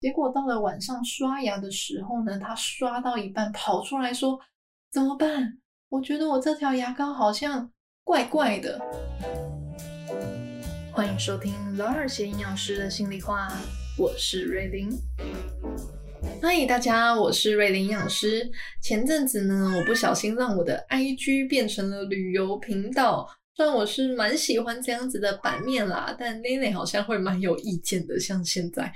結果到了晚上刷牙的時候呢，他刷到一半跑出來說：“怎麼辦？我覺得我這條牙膏好像怪怪的。”歡迎收聽 LAR 個營養師的心裡話，我是瑞玲。嗨，大家，我是瑞玲營養師。前陣子呢，我不小心讓我的 IG 變成了旅游頻道。雖然我是蠻喜歡這樣子的版面啦，但妮妮好像會蠻有意見的。像現在，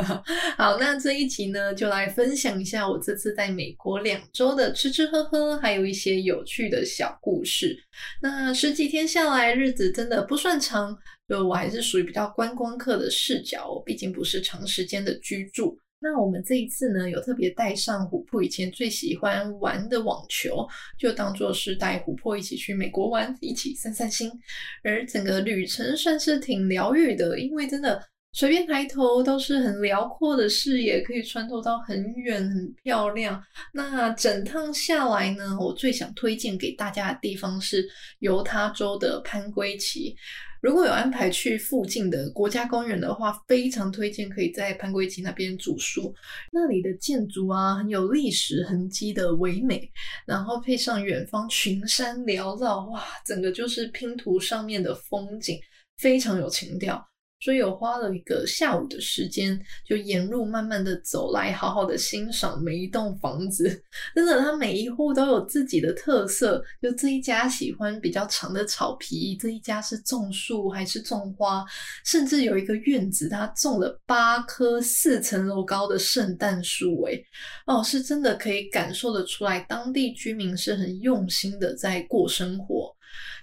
好，那這一集呢，就來分享一下我這次在美國兩周的吃吃喝喝，還有一些有趣的小故事。那十幾天下來，日子真的不算長，就我還是屬於比較觀光客的視角，我畢竟不是長時間的居住。那我們這一次呢，有特別帶上琥珀以前最喜歡玩的網球，就當作是帶琥珀一起去美國玩，一起散散心。而整個旅程算是挺療癒的，因為真的隨便抬頭都是很遼闊的視野，可以穿透到很遠，很漂亮。那整趟下來呢，我最想推薦給大家的地方是猶他州的潘圭奇。如果有安排去附近的國家公園的話，非常推薦可以在潘圭奇那邊住宿。那裡的建築啊，很有歷史痕跡的唯美，然後配上遠方群山繚繞，哇，整個就是拼圖上面的風景，非常有情調。所以，我花了一個下午的時間，就沿路慢慢的走來，好好的欣賞每一棟房子。 真的，它每一戶都有自己的特色。就這一家喜歡比較長的草皮，這一家是種樹還是種花，甚至有一個院子，它種了八棵四層樓高的聖誕樹。哎，哦，是真的可以感受得出來，當地居民是很用心的在過生活。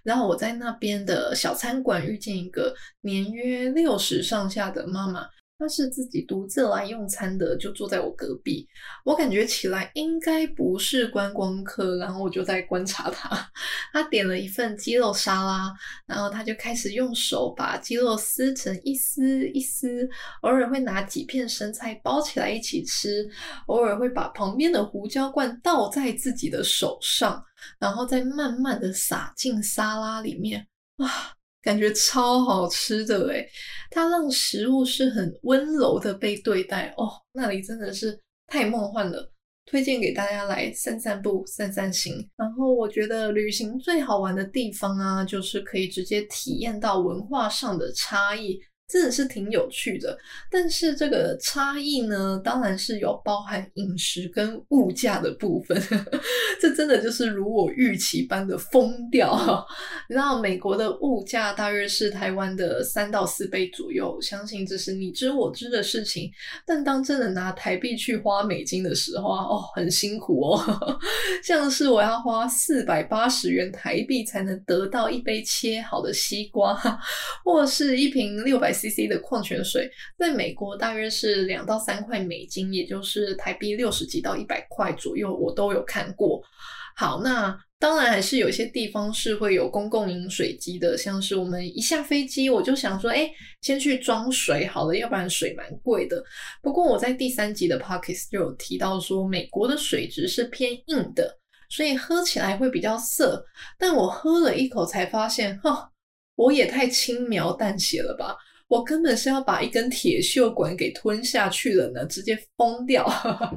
然後我在那邊的小餐館遇見一個年約六十上下的媽媽。他是自己獨自來用餐的，就坐在我隔壁。我感覺起來應該不是觀光客，然後我就在觀察他。他點了一份雞肉沙拉，然後他就開始用手把雞肉撕成一絲一絲，偶爾會拿幾片生菜包起來一起吃，偶爾會把旁邊的胡椒罐倒在自己的手上，然後再慢慢的撒進沙拉裡面。啊感覺超好吃的誒，它讓食物是很溫柔的被對待，哦，那裡真的是太夢幻了，推薦給大家來散散步、散散心。然後我覺得旅行最好玩的地方啊，就是可以直接體驗到文化上的差異。真的是挺有趣的，但是這個差異呢，當然是有包含飲食跟物價的部分，呵呵。這真的就是如我預期般的瘋掉。你知道，美國的物價大約是台灣的三到四倍左右，相信這是你知我知的事情。但當真的拿台幣去花美金的時候啊，哦，很辛苦哦。呵呵，像是我要花四百八十元台幣才能得到一杯切好的西瓜，或是一瓶六百。cc 的礦泉水在美國大約是兩到三塊美金，也就是台幣六十幾到一百塊左右，我都有看過。好，那當然還是有一些地方是會有公共飲水機的，像是我們一下飛機，我就想說，哎、欸，先去裝水好了，要不然水蠻貴的。不過我在第三集的 Podcast 就有提到說，美國的水質是偏硬的，所以喝起來會比較澀。但我喝了一口才發現，哈，我也太輕描淡寫了吧。我根本是要把一根鐵鏽管給吞下去了呢，直接瘋掉。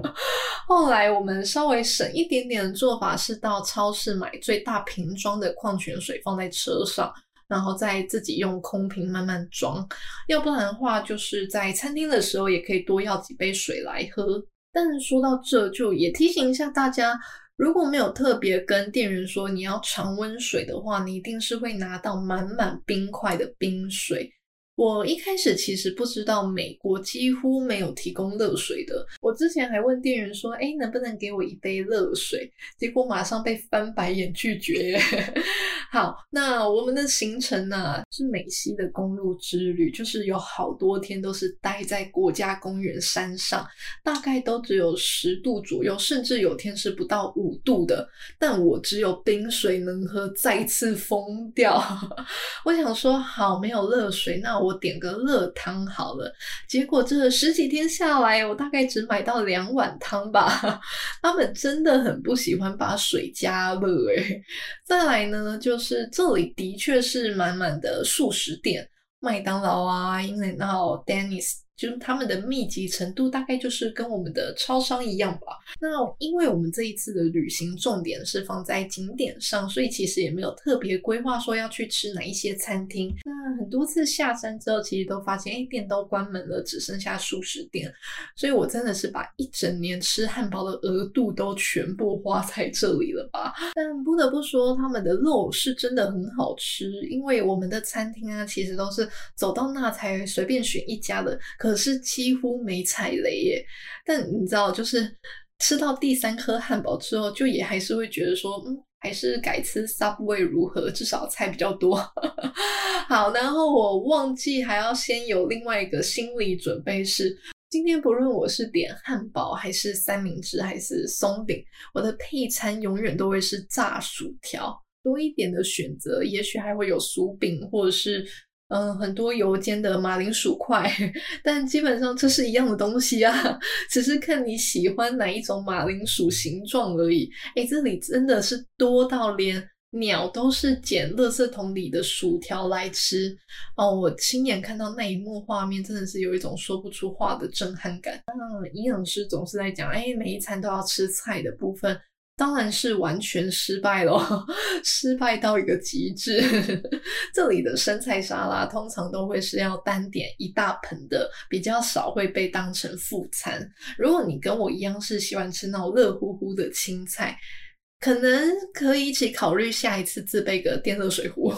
後來我們稍微省一點點的做法是到超市買最大瓶裝的礦泉水放在車上，然後再自己用空瓶慢慢裝。要不然的話，就是在餐廳的時候也可以多要幾杯水來喝。但說到這就也提醒一下大家，如果沒有特別跟店員說你要常溫水的話，你一定是會拿到滿滿冰塊的冰水。我一開始其實不知道美國幾乎沒有提供熱水的，我之前還問店員說：“哎、欸，能不能給我一杯熱水？”結果馬上被翻白眼拒絕。 好，那我們的行程呢、啊、是美西的公路之旅，就是有好多天都是待在國家公園山上，大概都只有十度左右，甚至有天是不到五度的。但我只有冰水能喝，再次瘋掉。 我想說，好，沒有熱水，那我。我點個熱湯好了，結果這十幾天下來，我大概只買到兩碗湯吧。他們真的很不喜歡把水加熱。哎，再來呢，就是這裡的確是滿滿的速食店，麥當勞啊，In-N-Out、Denny's 就他們的密集程度大概就是跟我們的超商一樣吧。那因為我們這一次的旅行重點是放在景點上，所以其實也沒有特別規劃說要去吃哪一些餐廳。那、嗯、很多次下山之後，其實都發現哎、欸、店都關門了，只剩下速食店。所以我真的是把一整年吃漢堡的額度都全部花在這裡了吧？但不得不說，他們的肉是真的很好吃，因為我們的餐廳啊，其實都是走到那才隨便選一家的。可是幾乎沒踩雷耶，但你知道，就是吃到第三顆漢堡之後，就也還是會覺得說，嗯，還是改吃 Subway 如何？至少菜比較多。 好，然後我忘記還要先有另外一個心理準備是，是今天不論我是點漢堡還是三明治還是鬆餅，我的配餐永遠都會是炸薯條多一點的選擇，也許還會有薯餅或者是。嗯，很多油煎的馬鈴薯塊，但基本上這是一樣的東西啊，只是看你喜歡哪一種馬鈴薯形狀而已。誒，這裡真的是多到連鳥都是撿垃圾桶裡的薯條來吃。哦，我親眼看到那一幕畫面，真的是有一種說不出話的震撼感。嗯，營養師總是在講，誒，每一餐都要吃菜的部分。當然是完全失敗咯，失敗到一個極致。這裡的生菜沙拉通常都會是要單點一大盆的，比較少會被當成副餐。如果你跟我一樣是喜歡吃那種熱乎乎的青菜，可能可以一起考慮下一次自備個電熱水壺，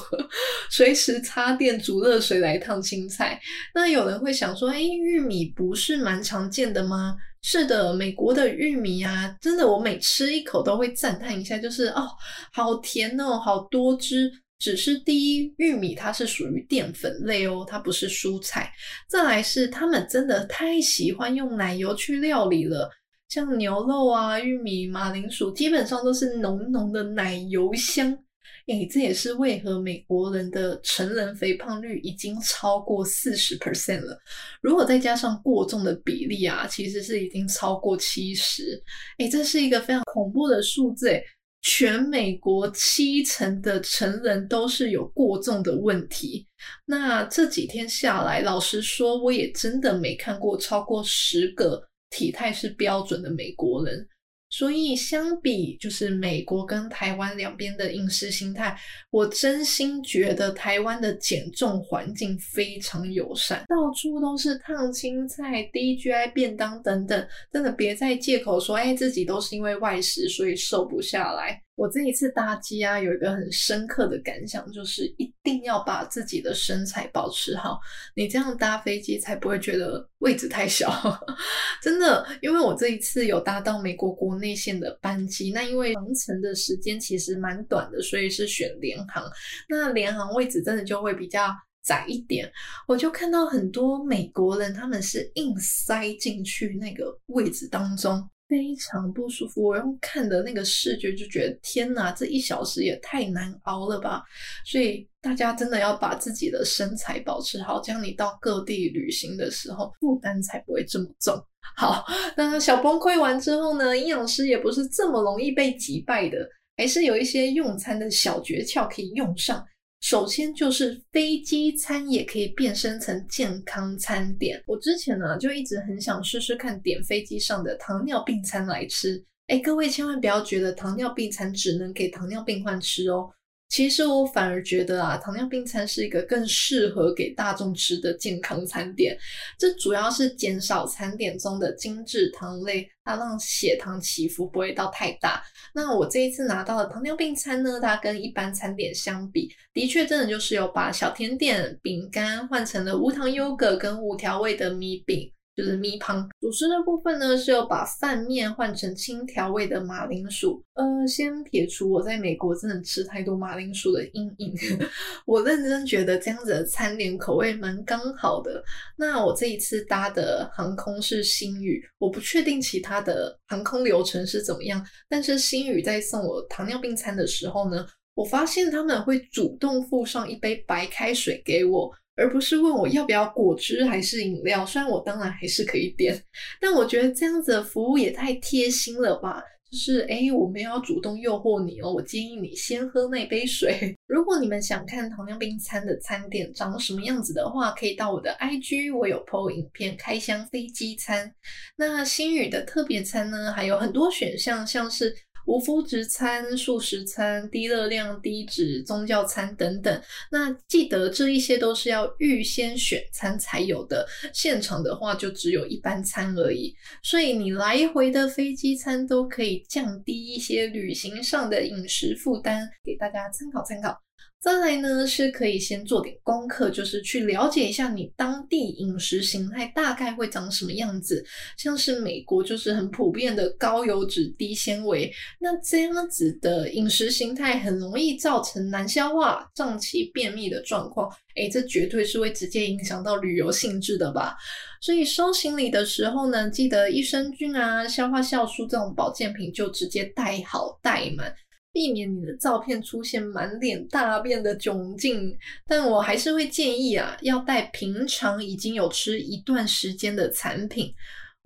隨時插電煮熱水來燙青菜。那有人會想說，誒，玉米不是蠻常見的嗎？是的，美國的玉米啊，真的，我每吃一口都會讚嘆一下，就是哦，好甜哦，好多汁。只是第一，玉米它是屬於澱粉類哦，它不是蔬菜。再來是他們真的太喜歡用奶油去料理了，像牛肉啊、玉米、馬鈴薯，基本上都是濃濃的奶油香。誒，這也是為何美國人的成人肥胖率已經超過四十 percent 了。如果再加上過重的比例啊，其實是已經超過七十。誒，這是一個非常恐怖的數字。全美國七成的成人都是有過重的問題。那這幾天下來，老實說，我也真的沒看過超過十個體態是標準的美國人。所以相比就是美國跟台灣兩邊的飲食心態，我真心覺得台灣的減重環境非常友善，到處都是燙青菜、低 GI 便當等等，真的別再借口說，哎、欸，自己都是因為外食所以瘦不下來。我這一次搭機啊，有一個很深刻的感想，就是一定要把自己的身材保持好，你這樣搭飛機才不會覺得位置太小。 真的，因為我這一次有搭到美國國內線的班機，那因為航程的時間其實蠻短的，所以是選聯航。那聯航位置真的就會比較窄一點，我就看到很多美國人，他們是硬塞進去那個位置當中。非常不舒服，我用看的那個視覺就覺得天吶，這一小時也太難熬了吧！所以大家真的要把自己的身材保持好，這樣你到各地旅行的時候負擔才不會這麼重。好，那小崩潰完之後呢，營養師也不是這麼容易被擊敗的，還是有一些用餐的小訣竅可以用上。首先就是飛機餐也可以變身成健康餐點。我之前呢，就一直很想試試看點飛機上的糖尿病餐來吃。誒，各位千萬不要覺得糖尿病餐只能給糖尿病患吃哦。其實我反而覺得啊，糖尿病餐是一個更適合給大眾吃的健康餐點。這主要是減少餐點中的精製糖類，它、啊、讓血糖起伏不會到太大。那我這一次拿到的糖尿病餐呢，它跟一般餐點相比，的確真的就是有把小甜點、餅乾換成了無糖優格跟無調味的米餅。就是米湯。主食的部分呢，是要把飯麵換成清調味的馬鈴薯。呃，先撇除我在美國真的吃太多馬鈴薯的陰影， 我認真覺得這樣子的餐點口味蠻剛好的。那我這一次搭的航空是星宇，我不確定其他的航空流程是怎麼樣，但是星宇在送我糖尿病餐的時候呢，我發現他們會主動附上一杯白開水給我。而不是問我要不要果汁還是飲料，雖然我當然還是可以點，但我覺得這樣子的服務也太貼心了吧？就是誒、欸、我沒有主動誘惑你哦，我建議你先喝那杯水。 如果你們想看糖尿病餐的餐點長什麼樣子的話，可以到我的 IG，我有 PO 影片開箱飛機餐。那星宇的特別餐呢，還有很多選項，像是。無麩質餐、素食餐、低熱量、低脂、宗教餐等等，那記得這一些都是要預先選餐才有的，現場的話就只有一般餐而已。所以你來回的飛機餐都可以降低一些旅行上的飲食負擔，給大家參考參考。再來呢，是可以先做點功課，就是去了解一下你當地飲食形態大概會長什麼樣子。像是美國就是很普遍的高油脂、低纖維，那這樣子的飲食形態很容易造成難消化、脹氣、便秘的狀況。誒、欸、這絕對是會直接影響到旅遊興致的吧？所以收行李的時候呢，記得益生菌啊、消化酵素這種保健品就直接帶好帶滿。避免你的照片出現滿臉大便的窘境，但我還是會建議啊，要帶平常已經有吃一段時間的產品。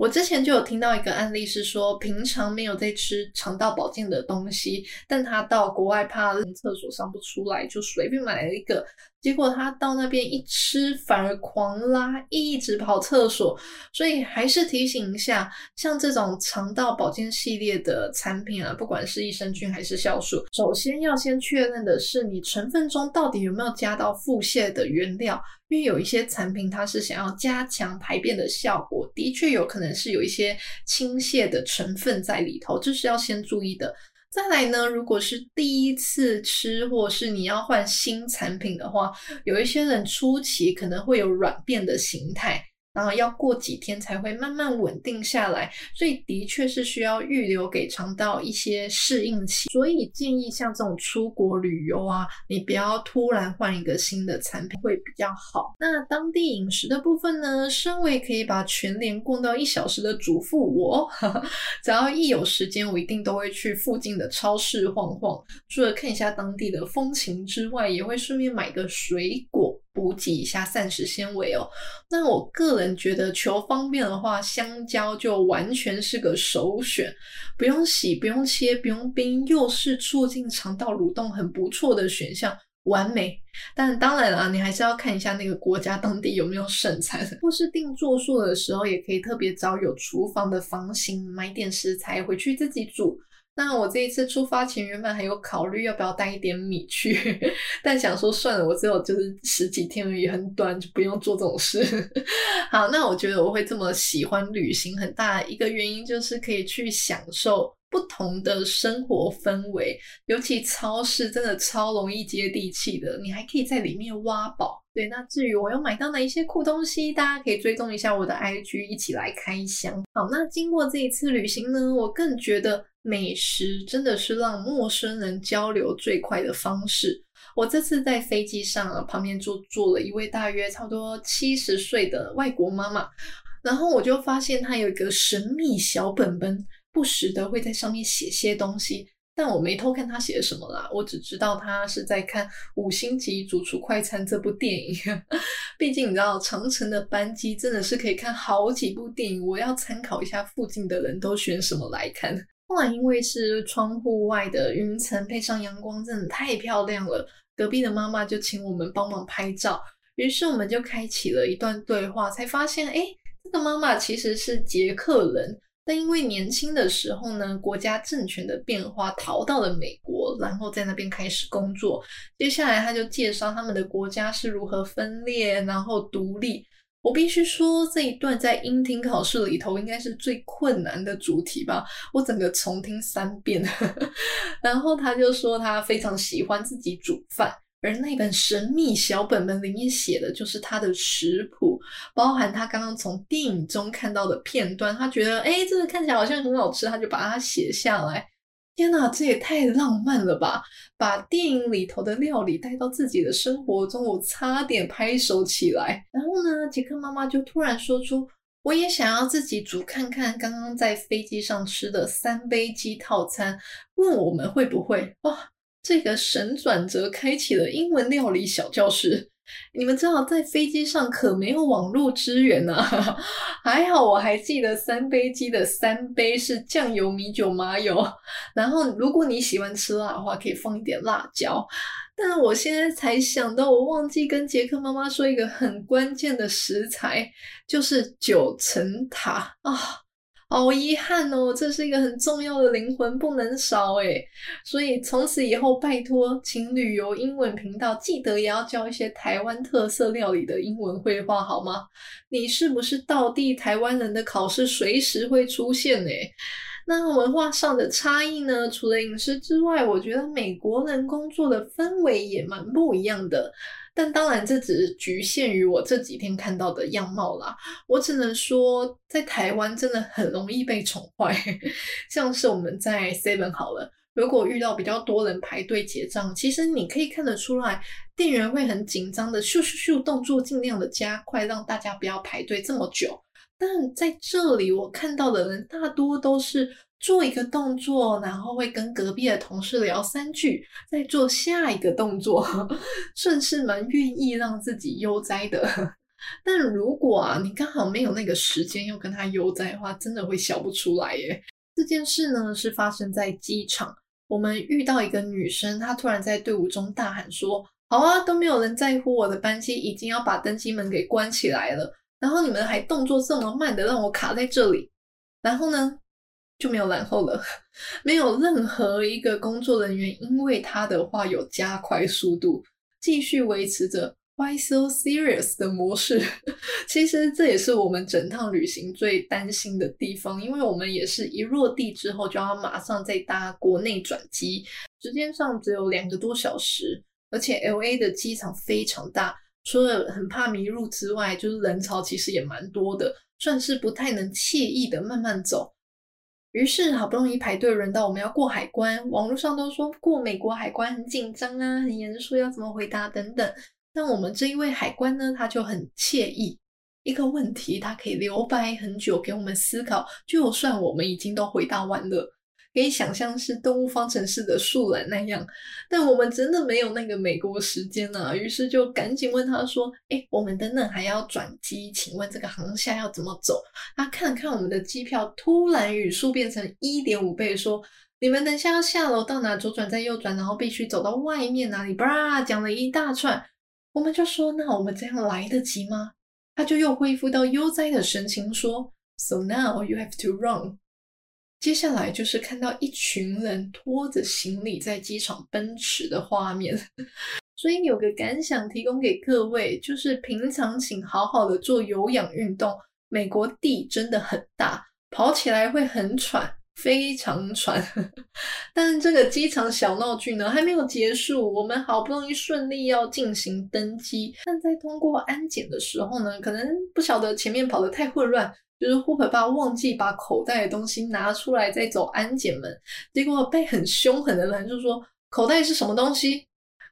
我之前就有聽到一個案例，是說平常沒有在吃腸道保健的東西，但他到國外怕廁所上不出來，就隨便買了一個，結果他到那邊一吃，反而狂拉，一直跑廁所。所以還是提醒一下，像這種腸道保健系列的產品啊，不管是益生菌還是酵素，首先要先確認的是你成分中到底有沒有加到腹瀉的原料。因為有一些產品，它是想要加強排便的效果，的確有可能是有一些輕瀉的成分在裡頭，這是要先注意的。再來呢，如果是第一次吃，或是你要換新產品的話，有一些人初期可能會有軟便的形態。然後要過幾天才會慢慢穩定下來，所以的確是需要預留給腸道一些適應期。所以建議像這種出國旅遊啊，你不要突然換一個新的產品會比較好。那當地飲食的部分呢？身為可以把全聯逛到一小時的主婦，我，哈哈，只要一有時間，我一定都會去附近的超市晃晃，除了看一下當地的風情之外，也會順便買個水果。補給一下膳食纖維哦。那我個人覺得，求方便的話，香蕉就完全是個首選，不用洗，不用切，不用冰，又是促進腸道蠕動，很不錯的選項，完美。但當然了，你還是要看一下那個國家當地有沒有生菜，或是訂住宿的時候，也可以特別找有廚房的房型，買點食材回去自己煮。那我這一次出發前，原本還有考慮要不要帶一點米去，但想說算了，我只有就是十幾天而已，很短，就不用做這種事。好，那我覺得我會這麼喜歡旅行，很大一個原因就是可以去享受不同的生活氛圍，尤其超市真的超容易接地氣的，你還可以在裡面挖寶。對，那至於我要買到哪一些酷東西，大家可以追蹤一下我的 IG，一起來開箱。好，那經過這一次旅行呢，我更覺得美食真的是讓陌生人交流最快的方式。我這次在飛機上旁邊坐，坐了一位大約差不多七十歲的外國媽媽，然後我就發現她有一個神秘小本本，不時的會在上面寫些東西。但我沒偷看他寫什麼啦，我只知道他是在看《五星級主廚快餐》這部電影。 畢竟你知道，長程的班機真的是可以看好幾部電影。我要參考一下附近的人都選什麼來看。後來因為是窗戶外的雲層配上陽光，真的太漂亮了。隔壁的媽媽就請我們幫忙拍照，於是我們就開啟了一段對話，才發現，哎，這個媽媽其實是捷克人。但因為年輕的時候呢，國家政權的變化，逃到了美國，然後在那邊開始工作。接下來他就介紹他們的國家是如何分裂，然後獨立。我必須說這一段在英聽考試裡頭應該是最困難的主題吧，我整個重聽三遍。 然後他就說他非常喜歡自己煮飯。而那本神秘小本本裡面寫的就是他的食譜，包含他剛剛從電影中看到的片段。他覺得，誒、欸，這個看起來好像很好吃，他就把它寫下來。天哪、啊，這也太浪漫了吧！把電影裡頭的料理帶到自己的生活中，我差點拍手起來。然後呢，捷克媽媽就突然說出：“我也想要自己煮看看，剛剛在飛機上吃的三杯雞套餐。”問我們會不會？哇！這個神轉折開啟了英文料理小教室。你們知道，在飛機上可沒有網絡支援啊。還好我還記得三杯雞的三杯是醬油、米酒、麻油。然後，如果你喜歡吃辣的話，可以放一點辣椒。但我現在才想到，我忘記跟捷克媽媽說一個很關鍵的食材，就是九層塔啊。哦好、oh, 遺憾哦，這是一個很重要的靈魂，不能少誒，所以從此以後，拜託，請旅遊英文頻道記得也要教一些台灣特色料理的英文會話好嗎？你是不是道地台灣人的考試隨時會出現誒？那文化上的差異呢？除了飲食之外，我覺得美國人工作的氛圍也蠻不一樣的。但當然，這只是局限於我這幾天看到的樣貌啦。我只能說，在台灣真的很容易被寵壞， 像是我們在 Seven 好了，如果遇到比較多人排隊結賬，其實你可以看得出來，店員會很緊張的咻咻咻動作，盡量的加快，讓大家不要排隊這麼久。但在這裡，我看到的人大多都是做一個動作，然後會跟隔壁的同事聊三句，再做下一個動作，算是蠻願意讓自己悠哉的。呵呵，但如果啊，你剛好沒有那個時間又跟他悠哉的話，真的會笑不出來耶。這件事呢，是發生在機場，我們遇到一個女生，她突然在隊伍中大喊說：“好啊，都沒有人在乎我的班機，已經要把登機門給關起來了。”然後你們還動作這麼慢的，讓我卡在這裡，然後呢就沒有然後了，沒有任何一個工作人員因為他的話有加快速度，繼續維持着 Why so serious 的模式。其實這也是我們整趟旅行最擔心的地方，因為我們也是一落地之後就要馬上再搭國內轉機，時間上只有兩個多小時，而且 LA 的機場非常大。除了很怕迷路之外，就是人潮其實也蠻多的，算是不太能愜意的慢慢走。於是好不容易排隊輪到我們要過海關，網絡上都說過美國海關很緊張啊，很嚴肅，要怎麼回答等等。但我們這一位海關呢，他就很愜意，一個問題他可以留白很久給我們思考，就算我們已經都回答完了。可以想象是《動物方程式》的樹懶那樣，但我們真的沒有那個美國時間吶、啊。於是就趕緊問他說：“哎、欸，我們等等還要轉機，請問這個航廈要怎麼走？”他、啊、看了看我們的機票，突然語速變成一點五倍，說：“你們等下要下樓到哪？左轉再右轉，然後必須走到外面哪裡？”吧，講了一大串，我們就說：“那我們這樣來得及嗎？”他就又恢復到悠哉的神情說：“So now you have to run。”接下來就是看到一群人拖着行李在機場奔馳的畫面，所以有個感想提供給各位，就是平常請好好的做有氧運動。美國地真的很大，跑起來會很喘，非常喘。但這個機場小鬧劇呢，還沒有結束。我們好不容易順利要進行登機，但在通過安檢的時候呢，可能不曉得前面跑得太混亂。就是琥珀爸忘記把口袋的東西拿出來，再走安檢門，結果被很凶狠的人就說，口袋是什麼東西？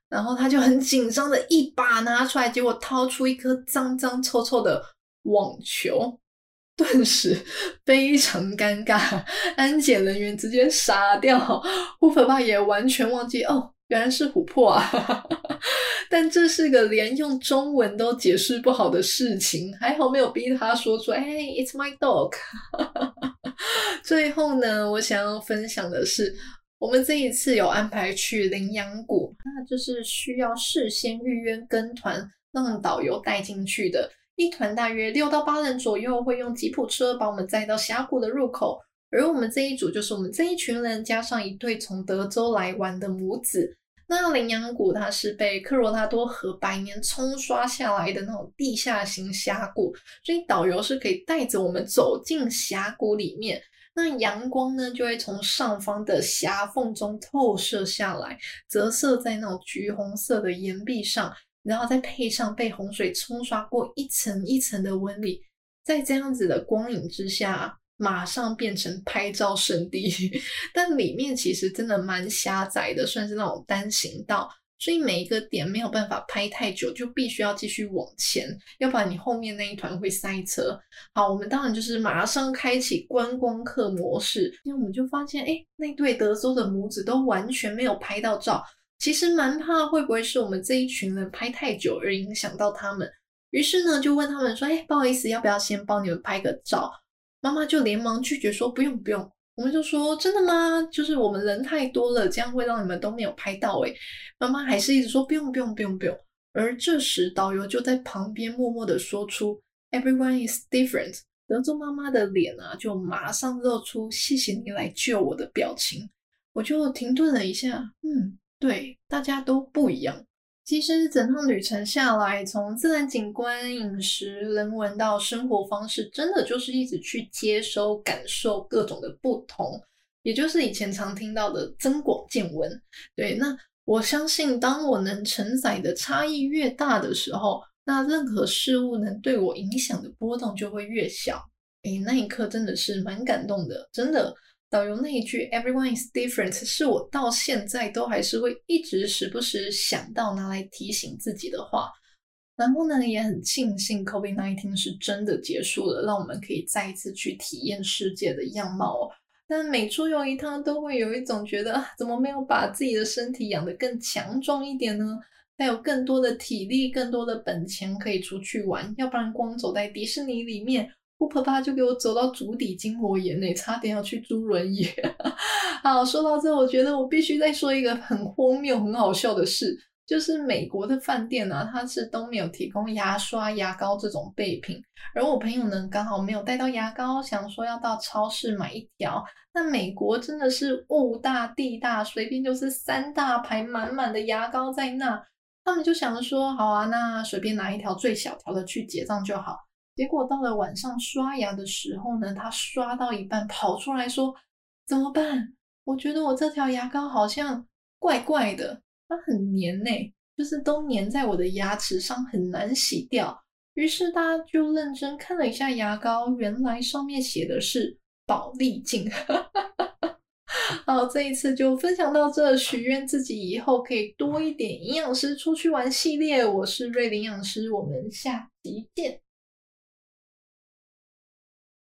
然後他就很緊張的一把拿出來，結果掏出一顆髒髒臭臭的網球，頓時非常尷尬，安檢人員直接傻掉，琥珀爸也完全忘記哦。原來是琥珀啊呵呵，但這是個連用中文都解釋不好的事情。還好沒有逼他說出“哎，it's my dog” 呵呵。最後呢，我想要分享的是，我們這一次有安排去羚羊谷，那就是需要事先預約跟團，讓導遊帶進去的。一團大約六到八人左右，會用吉普車把我們載到峽谷的入口。而我們這一組就是我們這一群人加上一對從德州來玩的母子。那羚羊谷它是被科羅拉多河百年沖刷下來的那種地下型峽谷，所以導遊是可以帶着我們走進峽谷裡面。那陽光呢就會從上方的狹縫中透射下來，折射在那種橘紅色的岩壁上，然後再配上被洪水沖刷過一層一層的紋理，在這樣子的光影之下。馬上變成拍照聖地，但裡面其實真的蠻狹窄的，算是那種單行道，所以每一個點沒有辦法拍太久，就必須要繼續往前，要不然你後面那一團會塞車。好，我們當然就是馬上開啟觀光客模式，因為我們就發現，哎，那對德州的母子都完全沒有拍到照，其實蠻怕會不會是我們這一群人拍太久而影響到他們，於是呢就問他們說，哎，不好意思，要不要先幫你們拍個照？媽媽就連忙拒絕說：“不用不用。”我們就說：“真的嗎？就是我們人太多了，這樣會讓你們都沒有拍到。”誒。媽媽還是一直說：“不用不用不用不用。”而這時導遊就在旁邊默默的說出：“Everyone is different。”然後媽媽的臉啊，就馬上露出“謝謝你來救我的”表情。我就停頓了一下，嗯，對，大家都不一樣。其實整趟旅程下來，從自然景觀、飲食、人文到生活方式，真的就是一直去接收、感受各種的不同，也就是以前常聽到的增廣見聞。對，那我相信，當我能承載的差異越大的時候，那任何事物能對我影響的波動就會越小。誒，那一刻真的是蠻感動的，真的。導遊那一句 “everyone is different” 是我到現在都還是會一直時不時想到拿來提醒自己的話。然後呢，也很慶幸 COVID-19 是真的結束了，讓我們可以再一次去體驗世界的樣貌哦。但每出遊一趟，都會有一種覺得，怎麼沒有把自己的身體養得更強壯一點呢？才有更多的體力、更多的本錢可以出去玩，要不然光走在迪士尼裡面。u 婆 e 就給我走到足底筋膜炎內，差點要去租輪椅。 好，說到這，我覺得我必須再說一個很荒謬、很好笑的事，就是美國的飯店呢、啊，它是都沒有提供牙刷、牙膏這種備品。而我朋友呢，剛好沒有帶到牙膏，想說要到超市買一條。那美國真的是物大、地大，隨便就是三大排滿滿的牙膏在那，他們就想着說，好啊，那隨便拿一條最小條的去結賬就好。結果到了晚上刷牙的時候呢，他刷到一半跑出來說：“怎麼辦？我覺得我這條牙膏好像怪怪的，它很黏呢、欸，就是都粘在我的牙齒上，很難洗掉。”於是大家就認真看了一下牙膏，原來上面寫的是“保麗淨。” 好，這一次就分享到這，許願自己以後可以多一點營養師出去玩系列。我是瑞琳營養師，我們下集見。